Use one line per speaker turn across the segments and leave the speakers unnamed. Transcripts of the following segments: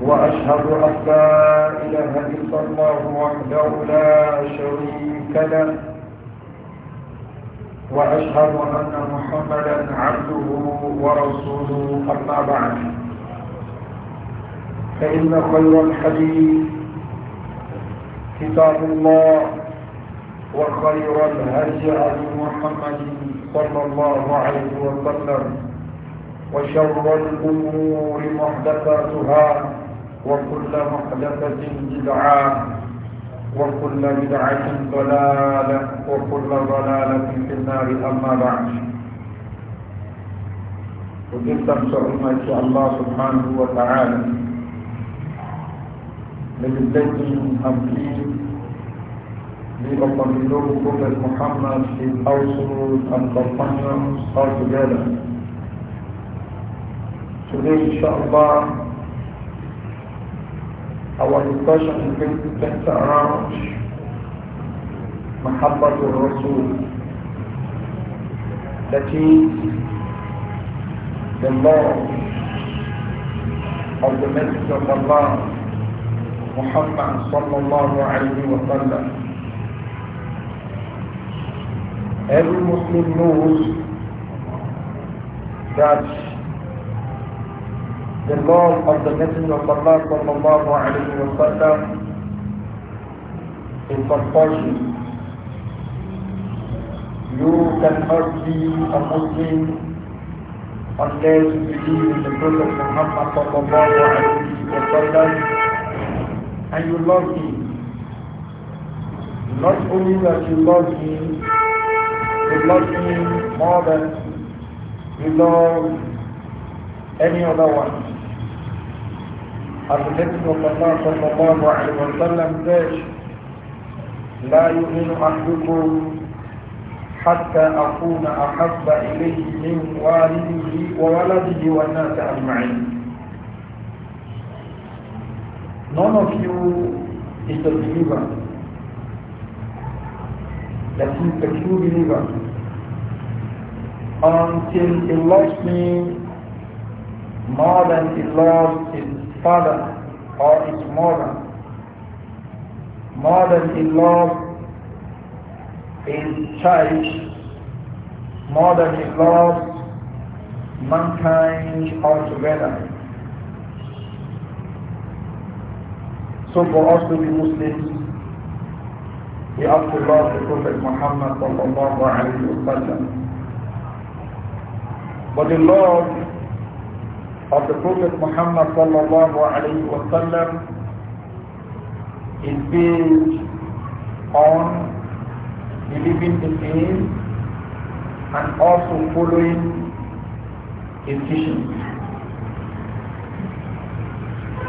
وأشهد أن لا إله إلا الله وحده لا شريك له وأشهد أن محمدا عبده ورسوله أما بعد فإن خير الحديث كتاب الله وخير الهدي محمد صلى الله عليه وسلم وشر الأمور محدثاتها وكل محدثة بدعة وكل بدعة ضلالة وكل ضلالة في النار أما بعد وجدت بصعوبة الله سبحانه وتعالى لجدتي أمكين لأطمئنه Prophet محمد في household أن companions all together. Today, inshallah, Our discussion is going to center around Mahabbatul Rasul. That is the Law of the Messenger of Allah, Muhammad sallallahu alayhi wa sallam. Every Muslim knows that the call of the Messenger of Allah sallallahu alayhi wa sallam in compulsion. You cannot be a Muslim unless you believe in the Prophet Muhammad sallallahu alayhi wa sallam and you love him. Not only that you love him, you love him more than you love any other one. النبي صلى الله عليه وسلم لا يؤمن أحدكم حتى أكون أحب إليه من والده وولده والناس أجمعين None of you is a believer. That is the true believer. Until he loves me more than he loves his father or his mother. Mother in law is child. Mother in law mankind altogether. So for us to be Muslims, we have to love the Prophet Muhammad sallallahu alayhi wa sallam. But the love of the Prophet Muhammad sallallahu alayhi wa sallam is based on believing in him and also following his teachings.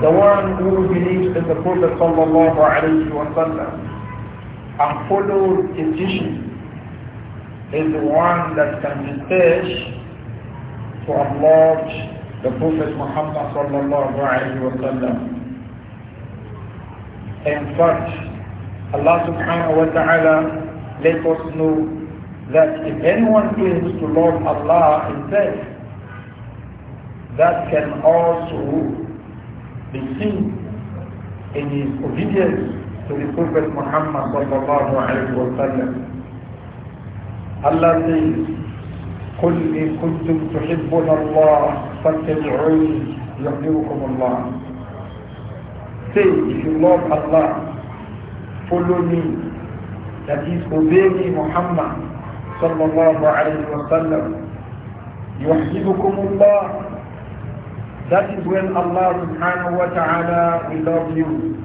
The one who believes in the Prophet sallallahu alayhi wa sallam and follows his teachings is the one that can be said to have loved the Prophet Muhammad sallallahu alayhi wa sallam. In fact, Allah subhanahu wa ta'ala let us know that if anyone claims to love Allah instead, that can also be seen in his obedience to the Prophet Muhammad sallallahu alayhi wa sallam. Allah says, قل إن كنتم تحبون الله فاتبعوني يحببكم الله Say, if you love Allah, follow me. That is, obey me, Muhammad sallallahu alayhi يحببكم الله that is when Allah سبحانه وتعالى will love you.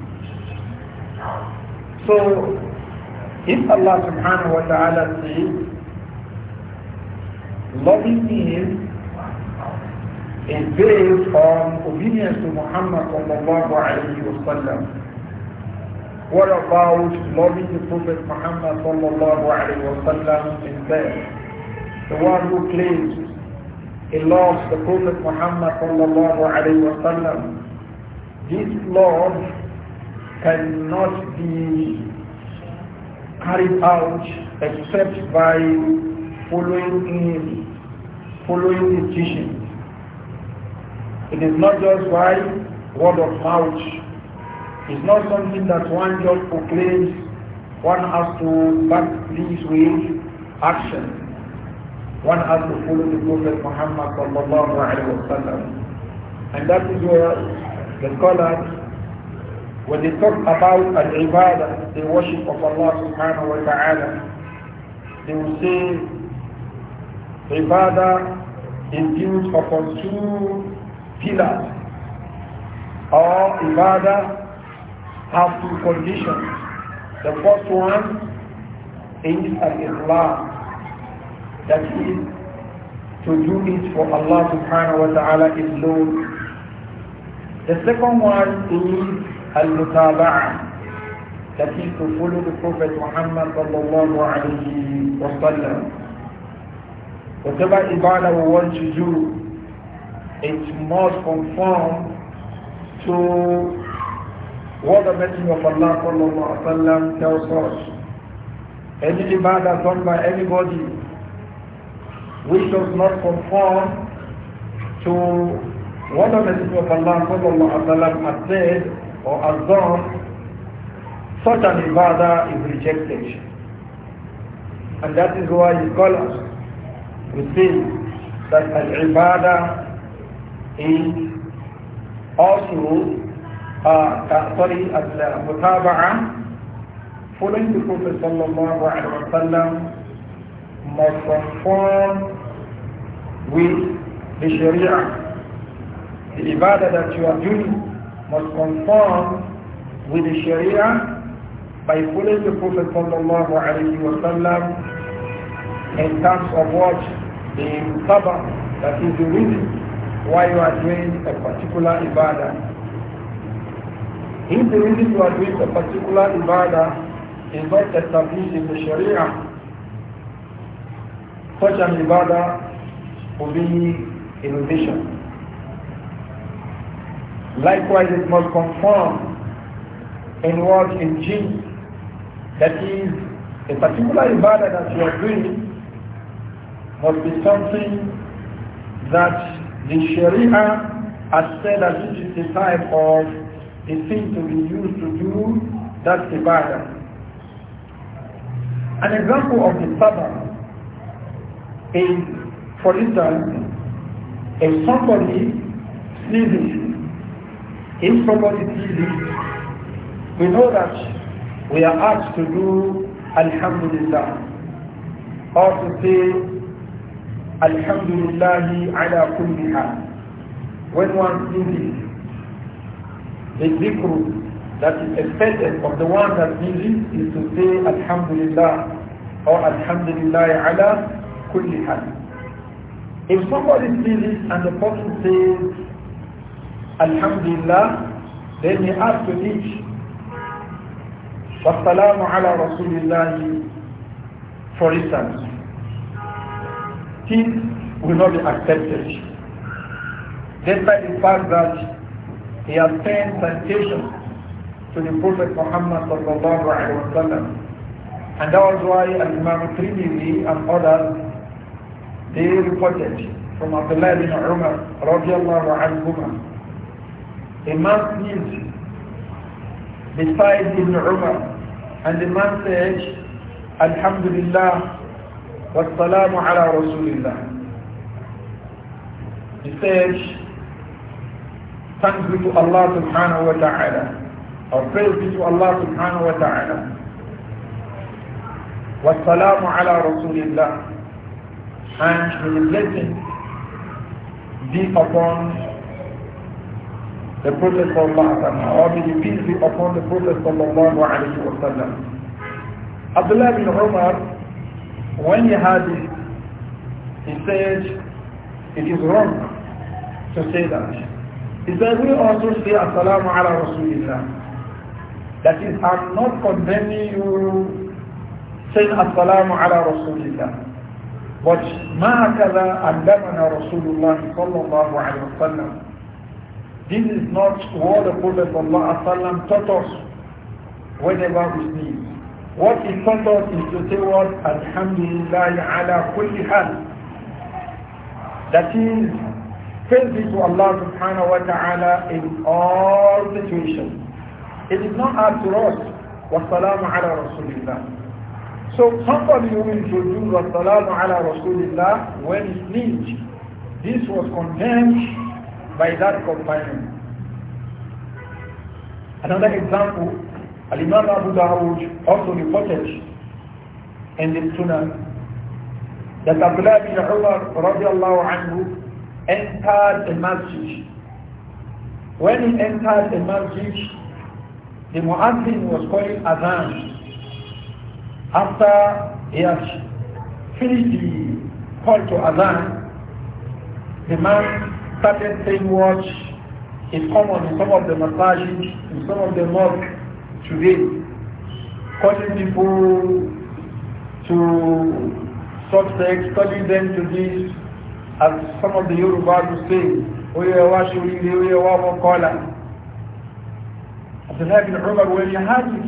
So, if Allah سبحانه وتعالى, says, loving me is based on obedience to Muhammad sallallahu alayhi wa sallam. What about loving the Prophet Muhammad sallallahu alayhi wa sallam himself? The one who claims he loves the Prophet Muhammad sallallahu alayhi wa sallam. This love cannot be carried out except by following him, following his teachings. It is not just by word of mouth. It's not something that one just proclaims. One has to back this with action. One has to follow the Prophet Muhammad sallallahu alaihi wasallam. And that is where the scholars, when they talk about al-ibadah, the worship of Allah subhanahu wa ta'ala, they will say, ibadah is built upon two pillars or ibadah have two conditions. The first one is al-ikhlas, that is to do it for Allah subhanahu wa ta'ala is alone. The second one is al-mutaba'ah, that is to follow the Prophet Muhammad sallallahu alayhi wa sallam. Whatever ibadah we want to do, it must conform to what the Messenger of Allah sallallahu sallam, tells us. Any ibadah done by anybody which does not conform to what the Messenger of Allah sallallahu sallam, has said or has done, such an ibadah is rejected. And that is why he calls us will say that al-ibadah and also uh, sorry, al-mutaba'ah, following the Prophet sallallahu alaihi wasallam must conform with the Sharia. The ibadah that you are doing must conform with the Sharia by following the Prophet sallallahu alaihi wasallam in terms of what the mutaba'ah, that is the reason why you are doing a particular ibadah. If the reason you are doing a particular ibadah is not established in the Sharia, such an ibadah will be innovation. Likewise, it must conform in what in Jinn, that is, a particular ibadah that you are doing must be something that the Sharia has said that this is the type of the thing to be used to do that ibadah. An example of the sabbath is, for instance, if somebody sneezes, if somebody sneezes, we know that we are asked to do Alhamdulillah or to say Alhamdulillah ala kulli hal. When one sees the dhikr that is expected of the one that needs it is to say Alhamdulillah or Alhamdulillah ala kulli hal. If somebody sees it and the person says Alhamdulillah, then he has to teach Wassalamu ala rasulillahi. for instance this will not be accepted. Despite the fact that he has sent temptation to the Prophet Muhammad sallallahu alaihi wasallam, and that was why Imam Trinity and others they reported from Abdullah bin Umar radiallahu anhuma a man sneezed beside Ibn Umar and the man said Alhamdulillah والسلام على رسول الله. He says, thanks be to Allah subhanahu wa ta'ala, or praise be to Allah subhanahu wa ta'ala. والسلام على رسول الله. And may the blessing be upon the Prophet sallallahu alaihi wasallam, or may the peace be upon the Prophet sallallahu alaihi wasallam. Abdullah bin Umar When he had it, he said, it is wrong to say that. He said, we also say 'as-salamu ala Rasulillah. That is, I'm not condemning you saying 'as-salamu ala Rasulillah. But ما هكذا علمنا rasulullah sallallahu صلى الله عليه This is not what the Prophet Allah taught us whenever we sneeze. What is taught is to say what? Alhamdulillah ala kulli hal. That is, faithful to Allah subhanahu wa ta'ala in all situations. It is not hard to us. Wassalamu ala rasulillah. So somebody who introduced Wassalamu ala Rasulillah when it needs, this was condemned by that companion. Another example, Al-Imam Abu Dawud also reported in the Sunnah that Abdullah bin Umar radiallahu anhu entered a masjid. When he entered a masjid, the Muazzin was calling Adhan. After he had finished the call to Adhan, the man started saying what is common in some of the massages, in some of the mosques, today, calling people to suspects, calling them to this, as some of the Yoruba would say, Oyewa Shuriri, Oyewa Mokola. Abdullah ibn Umar, when you had it,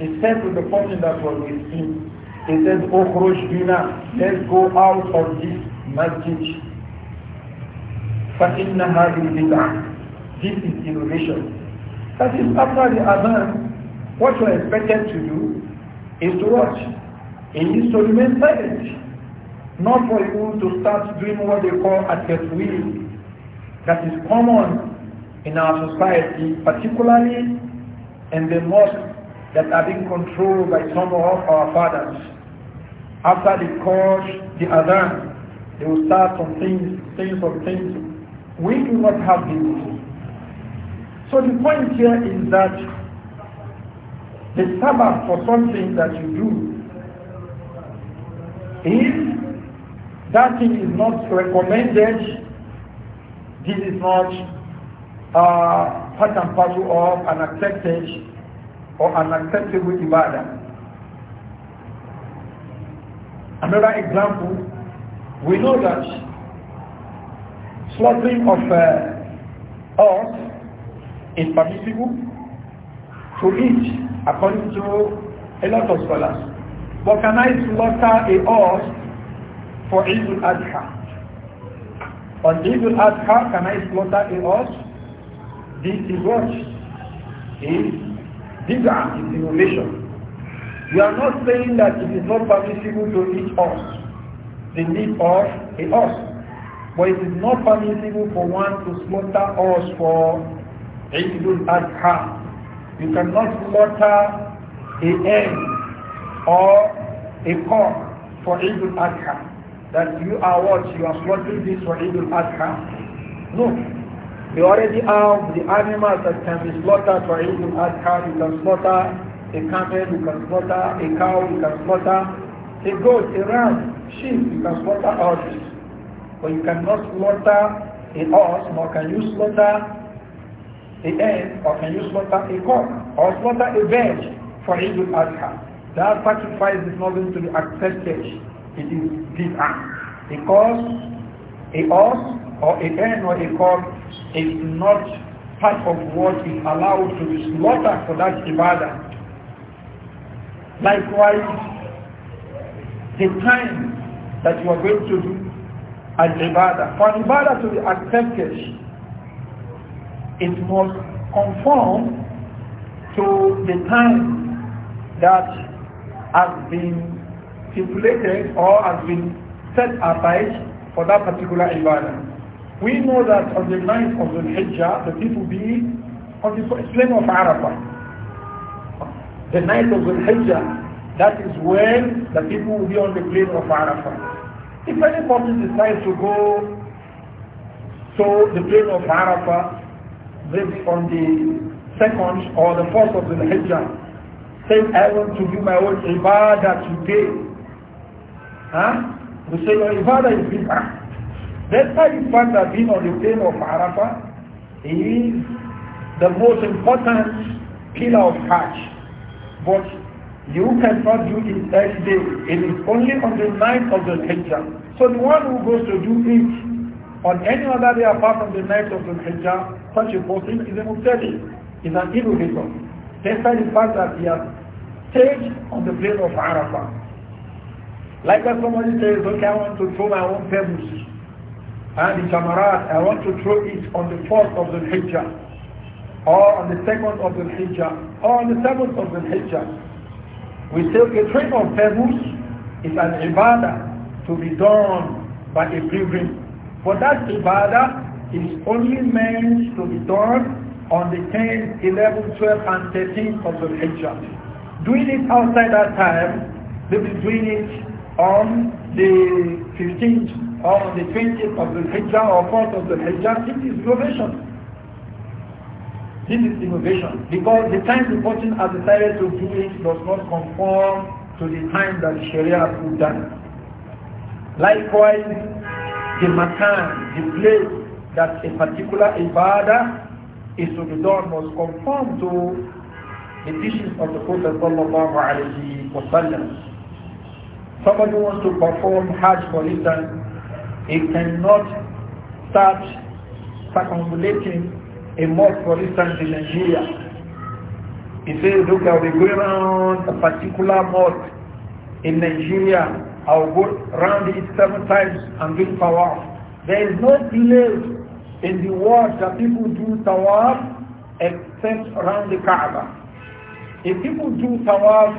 he said to the person that was with him, he said, Oh, Rosh Bina, let's go out of this masjid. فَإِنَّ هَذِهِ بِدْعَةٌ This is innovation. That is after the Adhan, what you are expected to do is to watch. needs to remain silent. Not for you to start doing what they call at will. That is common in our society, particularly in the mosques that are being controlled by some of our fathers. After the course, the other, they will start some things, things of things. We do not have this. So the point here is that the Sabbath for something that you do if that thing is not recommended this is not uh, part and parcel of an accepted or an acceptable ibadah. Another example, we know that slaughtering of uh, ox is permissible to eat according to a lot of scholars. But can I slaughter a horse for Eid adha On Eid adha can I slaughter a horse? This is what is this is innovation. We are not saying that it is not permissible to eat horse, the need of a horse. But it is not permissible for one to slaughter horse for Eid adha you cannot slaughter a hen or a cock for evil al That you are what? You are slaughtering this for evil al No. You already have the animals that can be slaughtered for evil al You can slaughter a camel, you can slaughter a cow, you can slaughter a goat, a ram, sheep, you can slaughter all this. But you cannot slaughter a horse, nor can you slaughter a hen or can you slaughter a cow or slaughter a bird for Eid al-Adha. That sacrifice is not going to be accepted. It is this act. Because a horse or a hen or a cow is not part of what is allowed to be slaughtered for that ibadah. Likewise, the time that you are going to do an ibadah, for an ibadah to be accepted, it must conform to the time that has been stipulated or has been set aside for that particular environment. We know that on the night of the Hijjah, the people be on the plain of Arafah. The night of the Hijjah, that is when the people will be on the plain of Arafah. If any person decides to go to the plain of Arafah, this on the second or the first of the Hijjah, Say I want to do my own ibadah today. Huh? We say your ibadah is bid'ah. why the fact that being on the plane of Arafah is the most important pillar of Hajj. But you cannot do it every day. It is only on the night of the Hijjah. So the one who goes to do it on any other day apart from the night of the Hijjah, such a person is a mubtadi, is an innovator. Despite the fact that he has staged on the plain of Arafah. Like when somebody says, okay, I want to throw my own pebbles and the jamarat, I want to throw it on the 4th of the Hijjah, or on the 2nd of the Hijjah, or on the 7th of the Hijjah. We say, okay, throwing of pebbles is an ibadah to be done by a pilgrim but that ibadah is only meant to be done on the 10th, 11th, 12th, and 13th of the Hijjah. Doing it outside that time, they'll be doing it on the 15th or the 20th of the Hijjah or 4th of the Hijjah. This is innovation. This is innovation because the time the person has decided to do it does not conform to the time that Sharia put down. Likewise, the makan, the place that a particular ibadah is to be done must conform to the teachings of the Prophet sallallahu alaihi wasallam. Somebody wants to perform Hajj for instance, he cannot start circumambulating a mosque for instance in Nigeria. He says, look, I'll be going around a particular mosque in Nigeria I will go round it seven times and do tawaf. There is no delay in the world that people do tawaf except around the Kaaba. If people do tawaf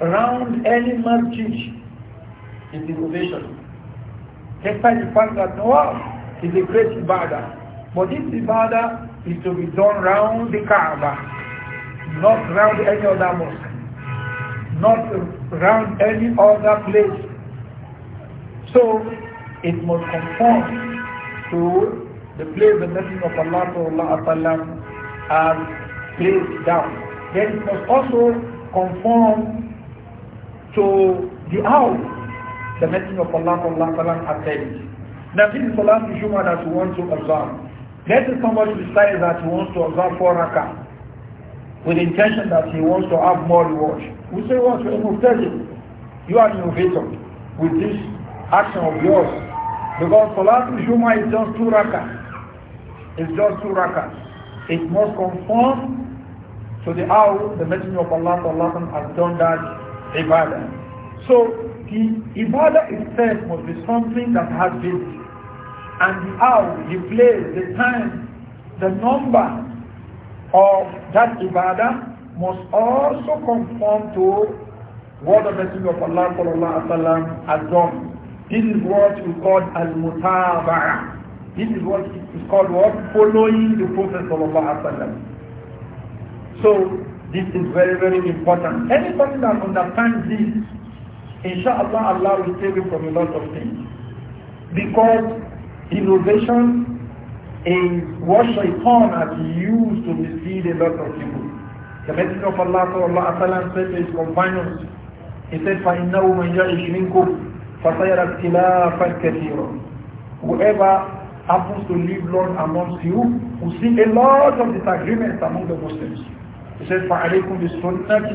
around any masjid, it is ovation. Despite the fact that tawaf is a great ibadah. But this ibadah is to be done round the Kaaba, not round any other mosque, not round any other place so it must conform to the place the Messenger of Allah sallam, has placed down. Then it must also conform to the hour the Messenger of Allah sallam, has Now this is Salat Juma that we want to observe. Let somebody decide that he wants to observe four rakah with the intention that he wants to have more reward. We say what? Well, you are innovator with this action of yours. Because Salatul Juma is just two rakah. It's just two rakah. It must conform to the hour the Messenger of Allah Allah has done that ibadah. So the ibadah itself must be something that has been and the hour, the place, the time, the number of that ibadah must also conform to what the Messenger of Allah Sallallahu has done. This is what we call al-mutaba'ah. This is what is called what? Following the Prophet So this is very, very important. Anybody that understands this, inshallah Allah will save you from a lot of things. Because innovation is what shaitan has used to mislead a lot of people. The Messenger of Allah sallallahu said to his companions, he said, فَإِنَّهُ مَنْ يَعِشْ مِنْكُمْ فَسَيَرَ اخْتِلَافًا كَثِيرًا Whoever happens to live long amongst you will see a lot of disagreements among the Muslims. He says, فَعَلَيْكُمْ بِسُنَّةِ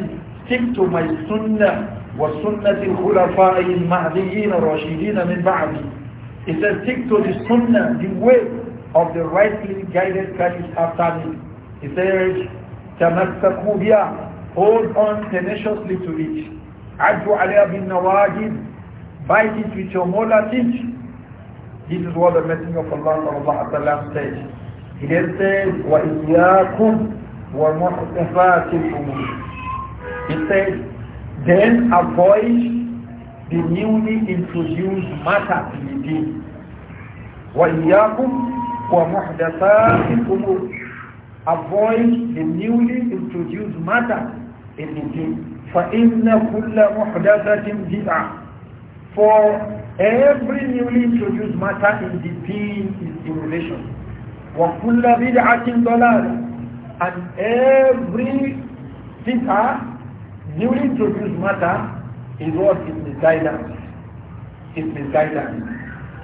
Stick to my sunnah وَسُنَّةِ الْخُلَفَاءِ الْمَهْدِيِّينَ الرَّاشِدِينَ مِنْ بَعْدِي he says, stick to the sunnah, the way of the rightly guided caliph after me. He says, تَمَسَّكُوا بِيَا Hold on tenaciously to it. عَدُّ عَلَيَا بِالنَّوَاجِدِ Fight it with your mother teach. This is what the Messenger of Allah sallallahu alayhi wa said. He then says, وَإِيَّاكُمْ وَمُحْتَفَاتِ الْأُمُورِ He says, then avoid the newly introduced matter in the deen. وَإِيَّاكُمْ وَمُحْدَثَاتِ الْأُمُورِ Avoid the newly introduced matter in the deen. فَإِنَّ كُلَّ مُحْدَثَةٍ بِدْعَةٍ for every newly introduced matter in the deen is innovation. وَكُلَّ بِدْعَةٍ ضَلَالٍ And every bid'ah, newly introduced matter, is what is misguidance. Is misguidance.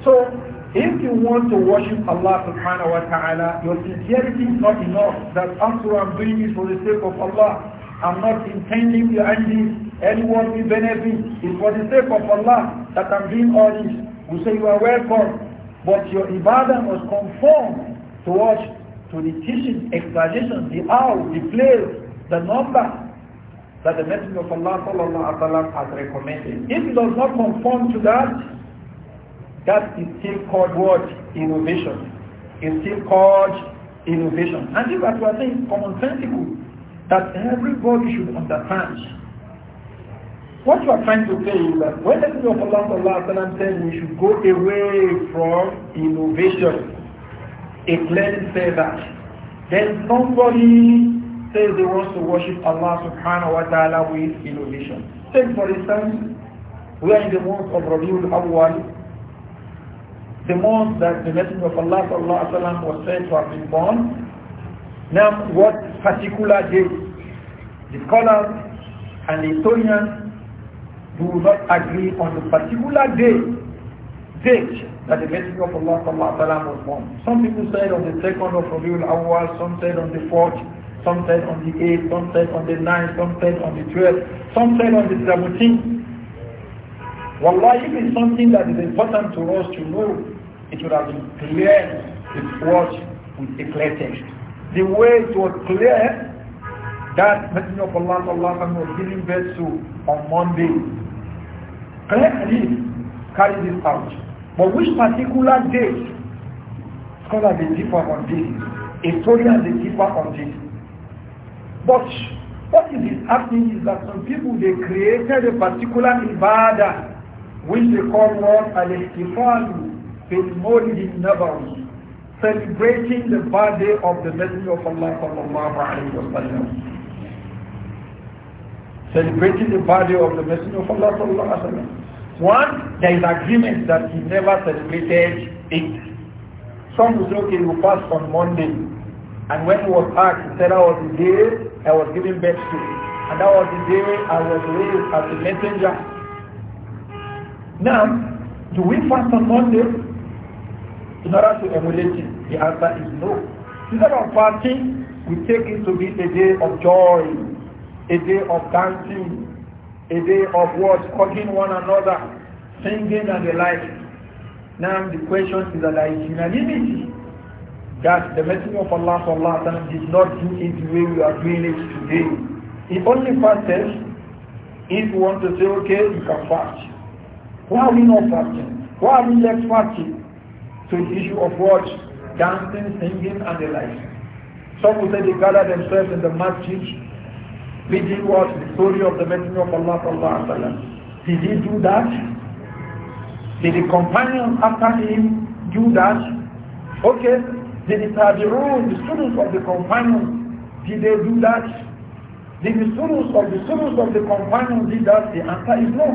So, if you want to worship Allah subhanahu wa ta'ala, your sincerity is not enough. That after I'm doing this for the sake of Allah, I'm not intending behind this anyone we benefit is for the sake of Allah that I'm doing all this. We say you are welcome, but your ibadah must conform to what? To the teaching, explanations, the hour, the place, the number that the Messenger of Allah sallallahu alaihi has recommended. If it does not conform to that, that is still called what? Innovation. It's still called innovation. And if what we are saying is commonsensical, that everybody should understand what you are trying to say is that when the Messenger of Allah sallallahu said we should go away from innovation, A cleric said that. Then somebody says they want to worship Allah subhanahu wa ta'ala with innovation. Take for instance, we are in the month of Rabiul Awwal, the month that the Messenger of Allah sallallahu alayhi was said to have been born. Now what particular day, The scholars and the historians do not agree on the particular day, date that the Messenger of Allah was born. Some people said on the second of Rabiul Awwal, some said on the fourth, some said on the eighth, some said on the ninth, some said on the twelfth, some said on the seventeenth. Wallahi, if it's something that is important to us to know, it would have been clear with what with a clear text. The way it was clear that Messenger of Allah was giving birth to on Monday Correctly carry this out. But which particular date? Scholars they differ on this. Historians they differ on this. But what is happening is that some people they created a particular ibadah which they call what al-ihtifal bil mawlid nabawi celebrating the birthday of the messenger of Allah sallallahu alaihi wasallam celebrating the birthday of the Messenger of Allah sallallahu alaihi wasallam. One, there is agreement that he never celebrated it. Some will say, okay, we passed on Monday. And when he was asked, he said, that was the day I was given birth to. And that was the day I was raised as a messenger. Now, do we fast on Monday in order to emulate him? The answer is no. Instead of fasting, we take it to be a day of joy, a day of dancing, a day of words, hugging one another, singing and the like. Now the question is that there is unanimity that the Messenger of Allah sallallahu alaihi did not do it the way we are doing it today. He only fasted if you want to say, okay, you can fast. Why are we not fasting? Why are we left fasting? So the issue of what? Dancing, singing, and the like. Some will say they gather themselves in the masjid he was the story of the Messenger of Allah sallallahu alaihi wasallam. Did he do that? Did the companions after him do that? Okay. Did the Tabi'un, the students of the companions, did they do that? Did the students of the students of the companions did that? The answer is no.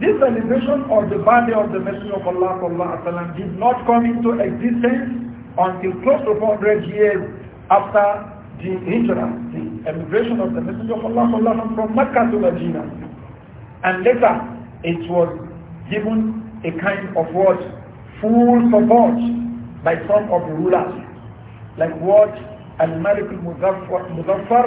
This celebration of the birthday of the Messenger of Allah sallallahu alaihi wasallam did not come into existence until close to 400 years after the Hijrah, the emigration of the Messenger of Allah sallam, from Mecca to Medina. And later, it was given a kind of what? Full support by some of the rulers. Like what Al-Malik al-Muzaffar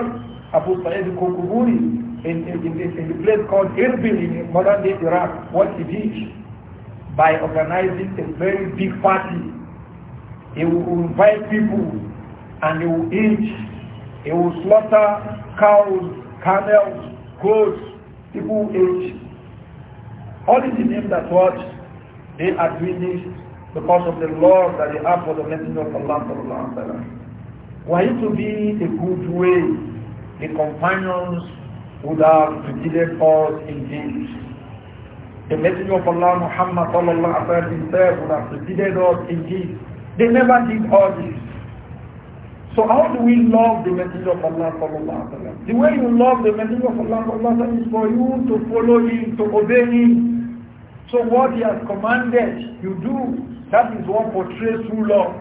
Abu Sa'id al-Kukuburi in, in, in, in, the place called Irbil in modern day Iraq, what he did by organizing a very big party. He will invite people and he will eat he will slaughter cows, camels, goats, people age. All in the name that what they are doing this because of the law that they have for the messenger of Allah sallallahu Were it to be a good way, the companions would have preceded us in this. The messenger of Allah Muhammad sallallahu alaihi wasallam himself would have preceded us in this. They never did all this. So how do we love the Messenger of Allah sallallahu alaihi wasallam? The way you love the Messenger of Allah sallallahu alaihi wasallam is for you to follow him, to obey him. So what he has commanded, you do. That is what portrays true love.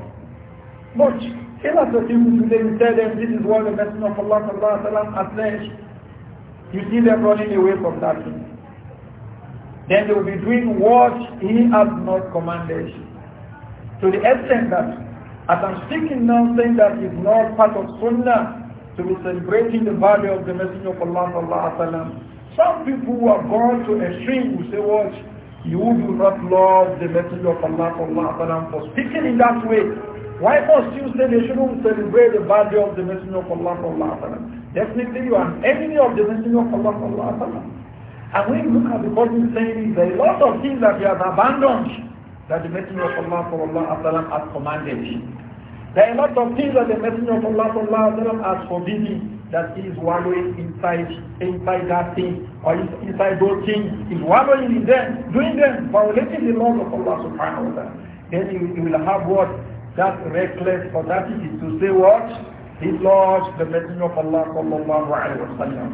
But a lot of people today you tell them this is what the Messenger of Allah sallallahu alaihi wasallam has said. You see them running away from that thing. Then they will be doing what he has not commanded. To the extent that as I'm speaking now, saying that it's not part of Sunnah to be celebrating the value of the Messenger of Allah sallallahu alaihi wasallam. Some people who have gone to extreme will say, "Watch, You do not love the Messenger of Allah sallallahu alaihi wasallam for speaking in that way. Why must you say they shouldn't celebrate the value of the Messenger of Allah sallallahu alaihi wasallam? Definitely you are an enemy of the Messenger of Allah sallallahu alaihi wasallam. And when you look at the person saying, there are a lot of things that he has abandoned that the Messenger of Allah وسلم, has commanded him. There are a lot of things that the Messenger of Allah وسلم, has forbidden that he is wallowing inside inside that thing or inside those things, is wallowing in them, doing them, violating the laws of Allah subhanahu wa ta'ala. Then he will have what? That reckless audacity to say what? His Lord, the Messenger of Allah sallallahu alayhi wa sallam.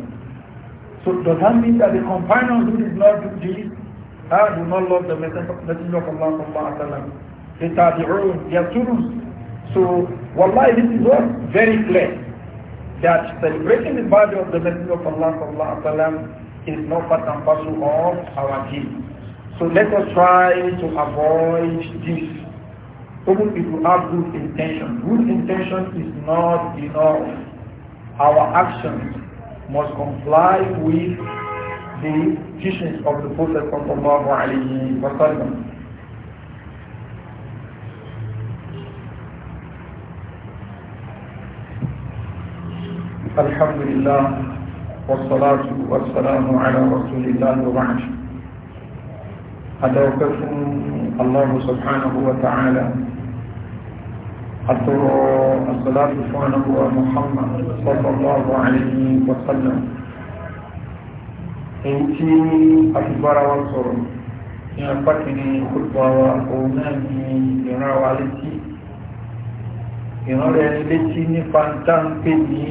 So does that mean that the Companions who did not do this ah, do not love the Messenger of Allah sallallahu alaihi wasallam. They are the they are So, wallahi, this is what? Very clear. That celebrating the birthday of the Messenger of Allah sallallahu is not part and parcel of our deen. So let us try to avoid this. Even if we have good intention, good intention is not enough. Our actions must comply with the teachings of the Prophet sallallahu alayhi wa sallam. الحمد لله والصلاة والسلام على رسول الله وبعد أتوقف الله سبحانه وتعالى أترى الصلاة سبحانه ومحمد صلى الله عليه وسلم èyí tí àtibára wa sọ̀rọ̀ ní apá kìíní kúrúbà wa òun náà ní ìran wa létí ìran rẹ̀ létí nípa táǹpé ní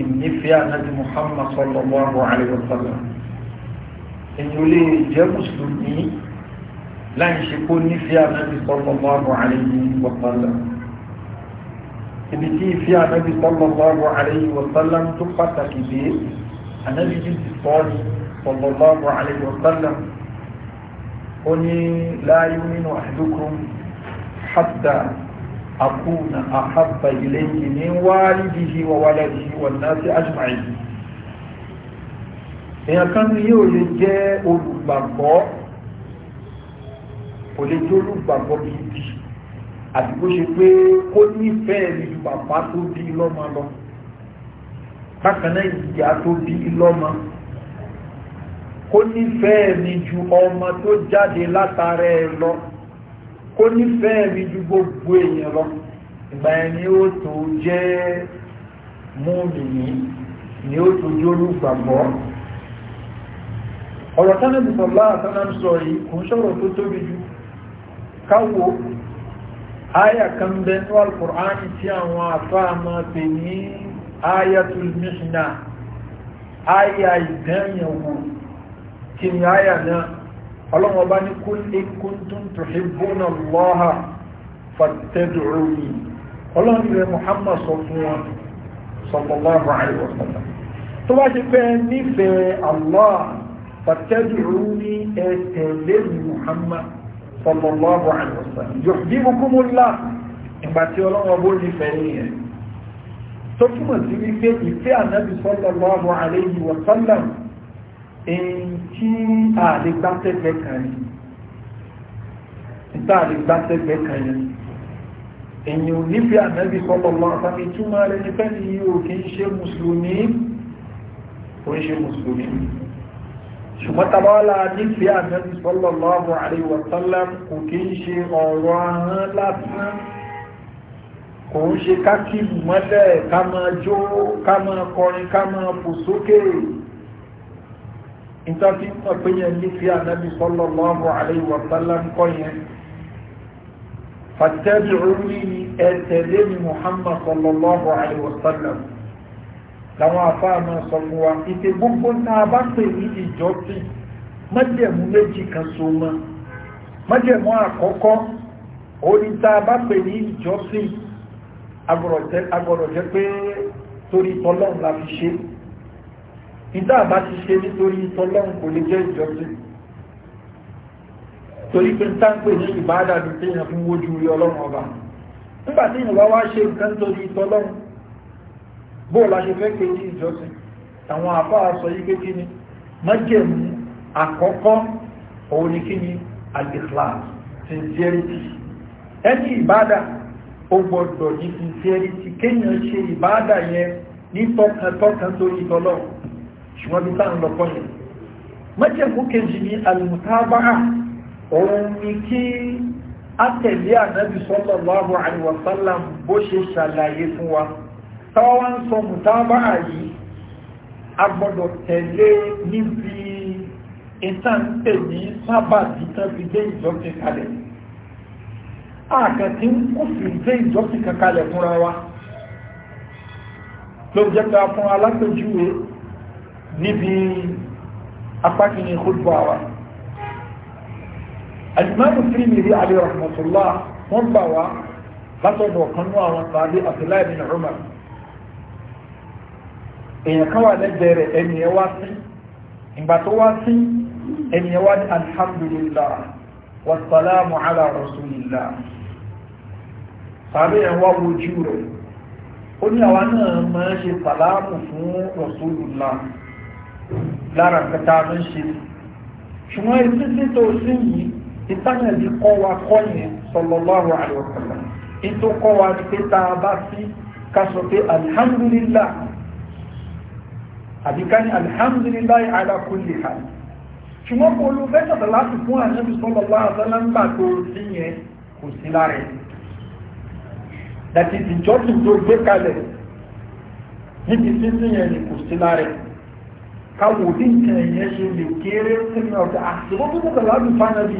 ìnífẹ́ ànábì Muhammad sallallahu alaihi wasallam èyí ò lè jẹ́ mùsùlùmí láì ṣe kó nífẹ́ ànábì sallallahu alaihi wasallam ibi tí ìfẹ́ ànábì sallallahu alaihi wasallam tó pàtàkì dé ànábì ti sọ́ọ̀rọ̀ sallallahu alayhi wa sallam ó ní la yuminu ahadukum hatta akuna ahabba ilayhi min walidihi wa waladihi wan nasi ajma'in èèyàn kan ní yóò lè jẹ́ olùgbàgbọ́ kò lè jẹ́ olùgbàgbọ́ gidi àti bó ṣe pé kó nífẹ̀ẹ́ ní bàbá tó bí lọ́mọ lọ bákan náà ìyá tó bí lọ́mọ lọ kó nífẹ̀ẹ́ mi ju ọmọ tó jáde látara ẹ lọ kó nífẹ̀ẹ́ mi ju gbogbo èèyàn lọ ìgbà yẹn ni ó tó jẹ́ múmìnì ni ó tó jẹ́ olùgbàgbọ́ ọ̀rọ̀ tánàbì sọ̀lá àtánàbì sọ yìí kò ń sọ̀rọ̀ tó tóbi jù káwo áyà kan bẹnu alkùránì tí àwọn àfáà máa pè ní áyà tulmishna áyà ìdẹ́yẹ̀wò kí ni àyà náà ọlọ́run ọba ní kún ikún tún tòṣe bónà lọ́ha fàtẹ́dùrú ni ọlọ́run rẹ̀ muhammad sọ fún wọn sọ̀tọ̀lọ́rọ̀ àìwọ̀sọ̀tọ̀ tó bá ṣe pé nífẹ̀ẹ́ allah fàtẹ́dùrú ni ẹ tẹ̀lé ni muhammad sọ̀tọ̀lọ́rọ̀ àìwọ̀sọ̀tọ̀ yóò bí bukumula ìgbà èyí tí a lè gbátẹ́gbẹ́ kan ní ìta lè gbátẹ́gbẹ́ kan ní èyí ò ní bí ànábì sọ́lọ́lọ́ àtàbí túnmà rẹ̀ ní fẹ́ ni yóò kí ń ṣe mùsùlùmí kò ń ṣe mùsùlùmí ṣùgbọ́n tàbálà ní bí ànábì sọ́lọ́lọ́ àríwọ̀tọ́lá kò kí ń ṣe ọ̀rọ̀ ahán lásán ìtàkì ọ̀pẹ́yẹ nífẹ́ ànábì sọ́lọ́lọ́wọ́ àríwọ̀tálá ń kọ́ yẹn fàtẹ́bìrúrí ẹ̀tẹ̀lé ni muhammad sọ́lọ́lọ́wọ́ àríwọ̀tálá láwọn afáàmà sọ fún wa ìpè gbogbo náà bá pè ní ìjọsìn májẹ̀mú méjì kan so mọ́ májẹ̀mú àkọ́kọ́ orí tá a bá pè ní ìjọsìn agbọ̀rọ̀ jẹ́ pé ìdá bá ti ṣe nítorí tọ́lọ́run kò lè jẹ́ ìjọsìn torí pé tá ń pè ní ìbáadà ní pé èèyàn fi wójú rí ọlọ́run ọba nígbà tí ìwà wá ṣe nǹkan torí tọ́lọ́run bó la ṣe fẹ́ kejì ìjọsìn àwọn àfáà sọ yí kékeré ni májèmú àkọ́kọ́ òun ni kí ni al-ikhlas sincerity ẹni ìbáadà ó gbọ́dọ̀ ní sincerity kéèyàn ṣe ìbáadà yẹn ní tọkàntọkàn torí tọ́lọ́run ṣùgbọ́n bí táwọn lọ kọ́ yẹn mẹ́jẹ̀kú kejì ní alùmùtábáà òun ni kí a tẹ̀lé ànábì sallallahu alaihi wa sallam bó ṣe ṣàlàyé fún wa táwọn sọ mùtábáà yìí a gbọ́dọ̀ tẹ̀lé níbi ìtànpè ní sábàbí tán fi dé ìjọ́sìn kalẹ̀ àkàtí ń kò fi dé ìjọ́sìn kankalẹ̀ fúnra wa ló jẹ́ ká fún níbi apákiní kúrò àwà alìmọ́nù fíìmìrí alẹ́ ọ̀rọ̀mọ̀tòlá wọ́n gbà wá látọ̀dọ̀ ọ̀kan náà àwọn tàbí àtìláì bin Umar èèyàn kan wà lẹ́gbẹ̀ẹ́ rẹ̀ ẹni ẹ wá sí ìgbà tó wá sí ẹni ẹ wá ní alhamdulillah wasalamu ala rasulillah tàbí ẹ̀wọ́ wojú rẹ̀ ó ní àwa náà máa ń ṣe sàlámù fún rasulillah lára kẹta ló ń ṣe ṣùgbọ́n etí títò sí yìí ìtànàbí kọ́ wa kọ́ yẹn sallallahu alaihi ètò kọ́ wa ni pé tá a bá sí ká alhamdulillah ala ṣùgbọ́n kò lu fẹ́ sọ̀tọ̀ láti fún ànábì sallallahu alaihi ń gbà tó sí yẹn kò sí lára ẹ̀ dàtí ìjọ́sìn tó gbé kalẹ̀ níbi yẹn ni kò sí káwò ní nǹkan ẹ̀yẹ́ ṣe lè kéré sínú ọ̀dá àṣìkò tó kọ́kọ́ láti fánà bí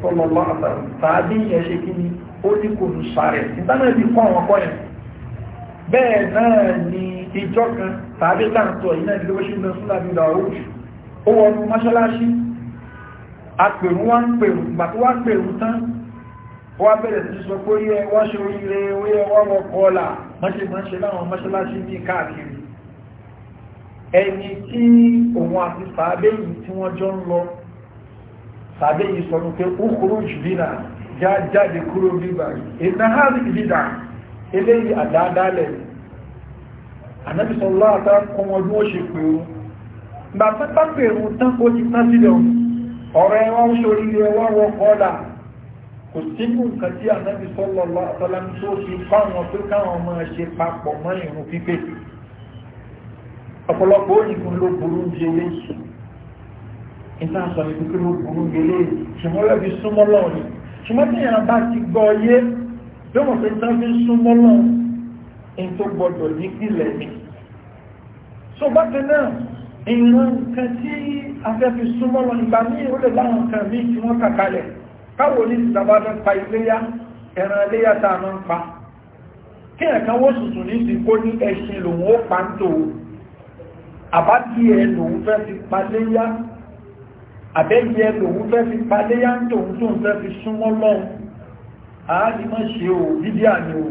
sọlọ́lọ́ àtàrà tàbí ìyẹn ṣe kí ni ó ní kò ní sàrẹ̀ ìtànà bí kọ́ àwọn ọkọ̀ yẹn bẹ́ẹ̀ náà ni ìjọ kan tàbí tàǹtọ̀ iná ìlú ṣe lọ sí lábí ìlà òòjù ó wọnú mọ́ṣáláṣí apèrún wá ń pèrún gbà tó sí ẹni tí òun àti sàábé yìí tí wọ́n jọ ń lọ sàábé yìí sọ pé ó kúrò jù bínà já jáde kúrò bíbà yìí ìdá hàrí ìdídà eléyìí àdáadáalẹ̀ ànábì sọ lọ́wọ́ àtà kún wọn bí wọ́n ṣe pè ó gbà pápá pè ó kò sínú nǹkan tí ànábì sọ tó fi fáwọn pé káwọn máa ṣe papọ̀ mọ́ ìrùn pípé ọ̀pọ̀lọpọ̀ òyìnbó ló burú bí eléyìí ìta sọ ìpínlẹ̀ ló burú bí eléyìí ṣùgbọ́n lẹ́bi súnmọ́ lọ́wọ́ ni ṣùgbọ́n tí èèyàn bá ti gbọ́ yé bí wọ́n fi tán fi súnmọ́ lọ́wọ́ ní tó gbọdọ̀ ní ìpìlẹ̀ mi so bákan náà ìran nǹkan tí afẹ́fi súnmọ́ lọ ìgbà ní ìwọlé láwọn nǹkan mí tí wọ́n kàkalẹ̀ káwò ní ìsìnàbá pa iléyá a máa ń pa kí ẹ̀kan wó sùsù ní ìsìnkó ní ẹṣin lòun ó pa ń àbájí ẹ lòun fẹ́ fi paléyá àbẹ́yí ẹ lòun fẹ́ fi paléyá tóun tóun fẹ́ fi súnmọ́ lọ́hun ààrí mọ́ ṣe o bídí àmì o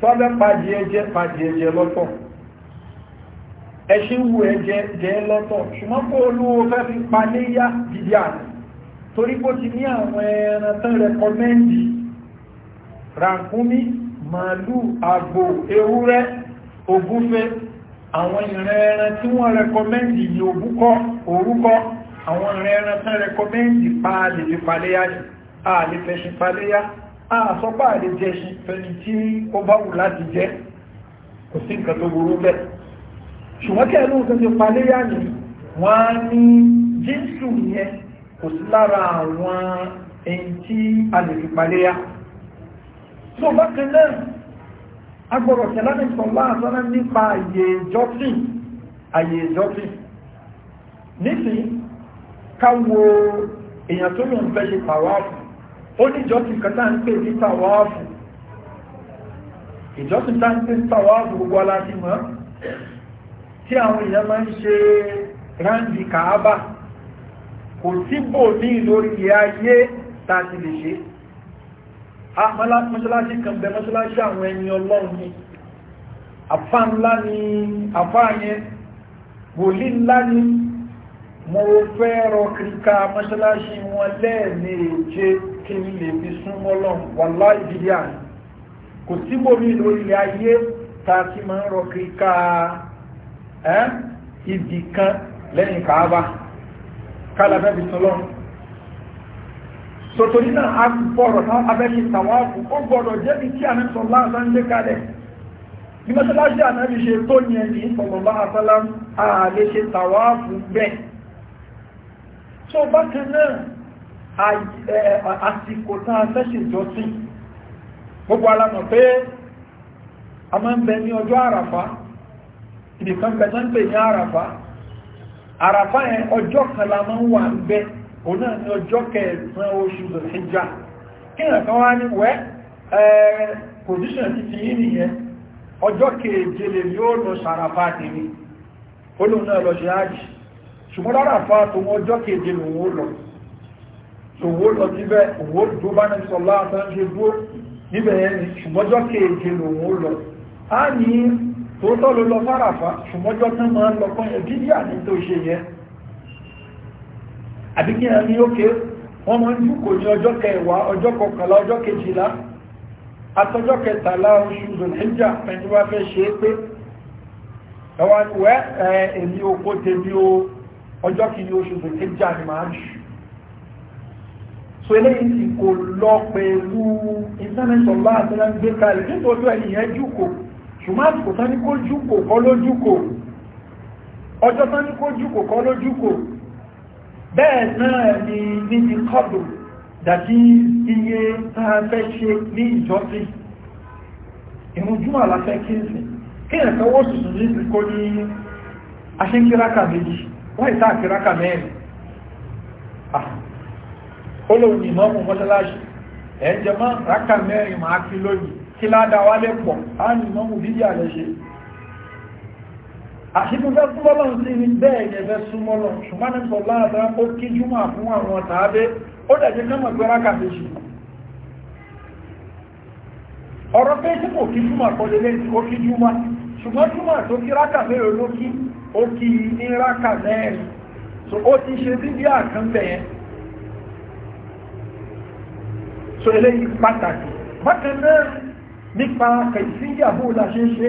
tọ́lẹ́ pàdé ẹjẹ́ pàdé ẹjẹ́ lọ́tọ̀ ẹṣin wu ẹjẹ́ jẹ́ lọ́tọ̀ ṣùgbọ́n kó olówó fẹ́ fi paléyá bídí àmì torí kó ti ní àwọn ẹran tán rẹkọmẹ́ndì ràǹkúmí màálù àgbò ewúrẹ́ ògúnfẹ́ àwọn ìran ẹran tí wọ́n rẹkọmẹ́ndì ní orúkọ àwọn ìran ẹran tán rẹkọmẹ́ndì pa lè lè ní a lè fẹ́ṣin paléyá a sọpá lè jẹṣin fẹ́ni tí ó bá wù láti jẹ kò sí nǹkan tó burú bẹ́ẹ̀ ṣùgbọ́n kí a lè fi paléyá agbọ̀rọ̀ tẹ̀lẹ́nì sọ̀lá àtọ́nà nípa àyè ìjọsìn àyè ìjọsìn nísì káwo èèyàn tó yàn fẹ́ ṣe tàwáàfù ó ní ìjọsìn kan tá ń pè ní tàwáàfù ìjọsìn tá ń pè ní tàwáàfù gbogbo aládìmọ́ tí àwọn èèyàn máa ń ṣe ráńdì kàábà kò síbò ní lórí ayé tá lè ṣe Ah, mọ́ṣáláṣí kan bẹ mọ́ṣáláṣí àwọn ẹni ọlọ́run ni àfá ńlá ni àfá yẹn wòlí ńlá ni mo fẹ́ rọ kíríká mọ́ṣáláṣí wọn lẹ́ẹ̀mẹ́ẹ̀jẹ́ kí n lè fi súnmọ́ lọ́run wà láì bíi àná kò sí bómi lórílẹ̀ ayé ta ti máa ń rọ kíríká ibì kan lẹ́yìn kàába kálá fi sún sọ̀tòrí náà a gbọ́rọ̀ abẹ́ṣe tàwáàfù ó gbọ́rọ̀ jẹ́ bí tí àmì sọ̀lá àtàndé kalẹ̀ ní mọ́sálásí ànábi ṣe tó ní ẹni sọ̀lọ̀lá àtàlá ààlé ṣe tàwáàfù bẹ́ẹ̀ tó bákan náà àsìkò tán afẹ́ṣe ìjọsìn gbogbo alamọ̀ pé a máa ń bẹ ní ọjọ́ àràfá ibìkan bẹ òun náà ní ọjọ́ kẹsàn oṣù Zulhijjah kí nà kan wá ní wẹ́ position ti ti yìí nìyẹn ọjọ́ keje lè yóò lọ sàràfà tèmi olóhun náà lọ ṣe ájì ṣùgbọ́n láràfà tó wọ́n ọjọ́ keje lòun ó lọ òwò lọ síbẹ̀ òwò tó bá ní sọlá àbí kí ẹni ókè wọ́n mọ́ ní kò ní ọjọ́ kẹwàá ọjọ́ kọkànlá ọjọ́ kejìlá àtọjọ́ kẹtàlá oṣù zòlẹ́jà pẹ̀lú wá fẹ́ ṣe é pé ẹwàwẹ́ èmi oko tèmi o ọjọ́ kì ní oṣù zòlẹ́jà ni máa jù so eléyìí ti kò lọ pẹ̀lú ìtẹ́nẹsọ̀lá àtẹ́lá ń gbé kalẹ̀ nítorí ẹ̀yìn ẹ̀ jùkò ṣùgbọ́n àsìkò tán ní jùkò kọ́ lójúkò ọjọ́ tán jùkò kọ́ lójúkò bẹ́ẹ̀ náà ni níbi kọ́dù dàbí iye táa fẹ́ ṣe ní ìjọ́sí ìrúnjúmọ̀ aláfẹ́ kíńsì kí ẹ̀kọ́ wó sì sùn ní kó ní aṣíkíráka méjì wọ́n ìta àkíráka mẹ́rin olóòrùn ah. ìmọ̀mù mọ́ṣáláṣì ẹ̀ẹ́jẹ̀mọ́ ráka mẹ́rin máa kí lónìí kí ládàá wálẹ̀ pọ̀ á ní mọ́mù bíbí àlẹ́ṣe àṣìbífẹ́ súnmọ́lọ́ sí ní bẹ́ẹ̀ yẹ̀fẹ́ súnmọ́lọ́ ṣùgbọ́n ní sọ láàdá ó kí júmọ̀ fún àwọn tàbí ó dẹ̀jẹ́ kọ́mọ̀ pé rákà méjì ọ̀rọ̀ pé tí kò kí júmọ̀ kọlẹ̀lẹ́ ó kí júmọ̀ ṣùgbọ́n júmọ̀ tó kí rákà mẹ́rin ló kí ó kí ní rákà so ó ti ṣe so eléyìí pàtàkì bákan náà nípa kẹ̀síyàwó la ṣe ń ṣe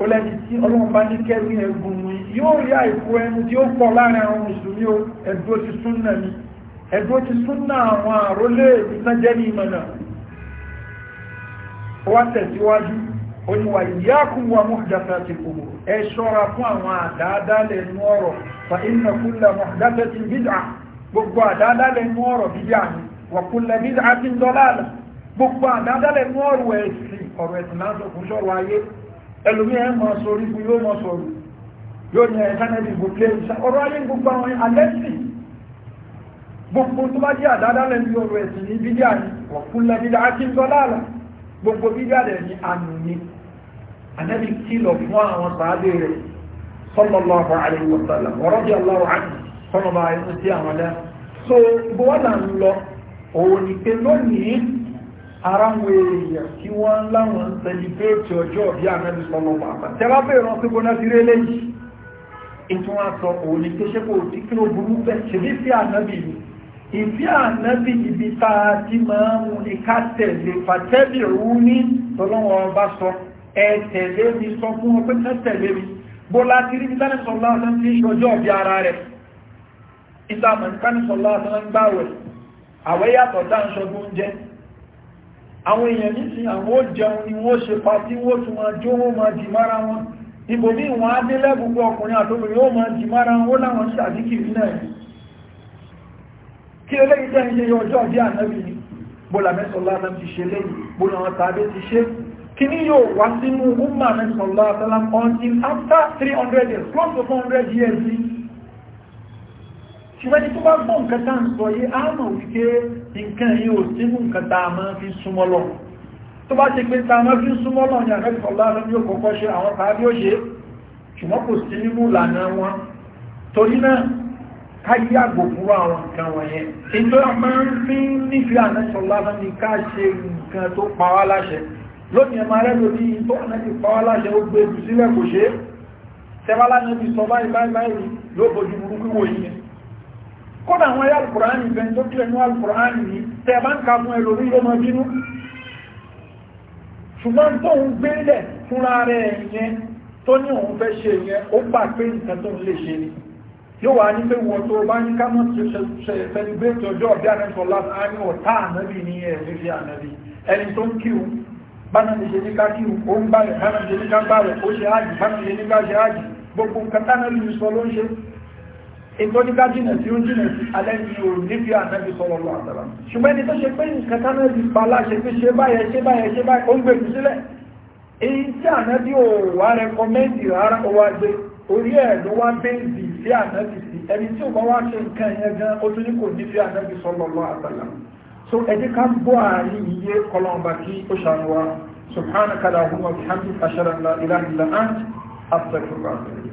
ó lẹ́ni tí ọlọ́run bá ní kẹ́rí ẹgbùn mi yóò rí àìkú ẹnu tí ó pọ̀ láàrin àwọn mùsùlùmí o ẹ̀dúró ti súnnà mi ẹ̀dúró ti súnnà àwọn àrólé ìtànjẹ́ ní ìmọ̀nà ó wá tẹ̀síwájú ó ní wà ìyákùn wa mọ̀dáta ti kòmò ẹ ṣọ́ra fún àwọn àdáadáalẹ̀ inú ọ̀rọ̀ fa iná kúlẹ̀ mọ̀dáta ti bídà gbogbo àdáadáalẹ̀ inú ọ̀rọ̀ bídà ni wà kúlẹ̀ bídà ti ń dọ́là gbogbo àdáadáalẹ̀ inú ọ̀rọ̀ ẹ̀sìn ọ̀rọ̀ ẹ̀sìn láti òkú ṣọ́rọ̀ ayé ẹlòmí ẹ mọ̀ sórí fún yóò mọ̀ sọ̀rọ̀ yóò ní ẹ̀sánẹ́bì gbogbo ẹ̀sá ọ̀rọ̀ ayé gbogbo àwọn alẹ́sì gbogbo tó bá jẹ́ àdáadá lẹ́nu ọ̀rọ̀ ẹ̀sìn ní bídíà ni wọ́n fún lẹ́bídà á ti ń tọ́lá gbogbo bídíà rẹ̀ ní àmì ni ànẹ́bì kìlọ̀ fún àwọn sàádé rẹ̀ sọ́nà bá ẹni aráwọ̀ èèyàn kí wọ́n láwọn ń tẹliféètì ọjọ́ bí àmẹ́lì sọmọ pàpà tẹ́lá bẹ̀rẹ̀ wọn pé bọ́ná sí rélé yìí ètò wọn sọ òun ní kéṣe kò ni ìfí ànábì ibi tá a ti máa ń mú ní ká tẹ̀lé fàtẹ́bì rú ní tọ́lọ́wọ́ ọba sọ ẹ tẹ̀lé mi sọ fún wọn pé ká mi bó láti rí nígbà ọ̀sán ti ṣe ọjọ́ ara rẹ̀ ìgbà mọ̀ ọ̀sán ń gbà wẹ̀ jẹ́ àwọn èèyàn nísìn àwọn ó jẹun ni wọ́n ṣe pàtí wọ́n tún máa jó wọ́n máa dì mára wọn ibò bí wọ́n á dé lẹ́gbùgbọ́ ọkùnrin àtòbìnrin ó máa dì mára wọn láwọn ṣàdíkìrí náà kí eléyìí tẹ́ ń ṣe ọjọ́ bí ànábì ni bóla mẹ́sọ̀lá náà ti ṣe lẹ́yìn bóla wọn tàbí ti ṣe kí ṣùgbọ́n ní tó bá gbọ́ nǹkan tá ń sọ yé á mọ̀ wípé nǹkan yìí ò sí mú nǹkan tá a máa fi súnmọ́ lọ tó bá ṣe pé tá a máa fi súnmọ́ lọ ní àrẹ́ ìfọ̀lá lórí ó kọ́kọ́ ṣe àwọn tàbí ó ṣe ṣùgbọ́n kò sí nínú ìlànà wọn torí náà ká yí àgbò fún àwọn nǹkan wọ̀nyẹn ètò àmọ́ fi nífẹ̀ẹ́ ànẹ́sọ̀lá ní ká ṣe nǹkan tó pa wá láṣẹ lónìí ẹ̀mà rẹ̀ lórí kódà àwọn ayé alùkùránì bẹni tó kílẹ̀ ní alùkùránì ní tẹ́ bá ń ka fún ẹlòmí yóò mọ bínú ṣùgbọ́n tó ń gbélẹ̀ fúnra rẹ̀ yẹn tó ní òun fẹ́ ṣe yẹn ó gbà pé nǹkan tó ń lè ṣe ni yóò wá ní pé wọn tó bá ní kámọ́ celebrate ọjọ́ ọ̀dẹ́ ànẹ́sọ̀lá ní ọ̀tá ànábì tó ṣe ní ká kí un ó ètò ní kájínà tí ó jìnà sí alẹ́ni ò níbi ànábi sọ̀rọ̀ lọ àtàrà ṣùgbọ́n ẹni tó ṣe pé nǹkan tánà ti pàlá ṣe pé ṣe báyẹ̀ ṣe báyẹ̀ ṣe báyẹ̀ ó ń gbèjú sílẹ̀ èyí tí ànábi ò wá rẹkọmẹ́ndì rárá ó wá gbé orí ẹ̀ ló wá bẹ́ẹ̀dì sí ànábi sí ẹni tí ò bá wá ṣe nǹkan yẹn gan ó tún ní kò níbi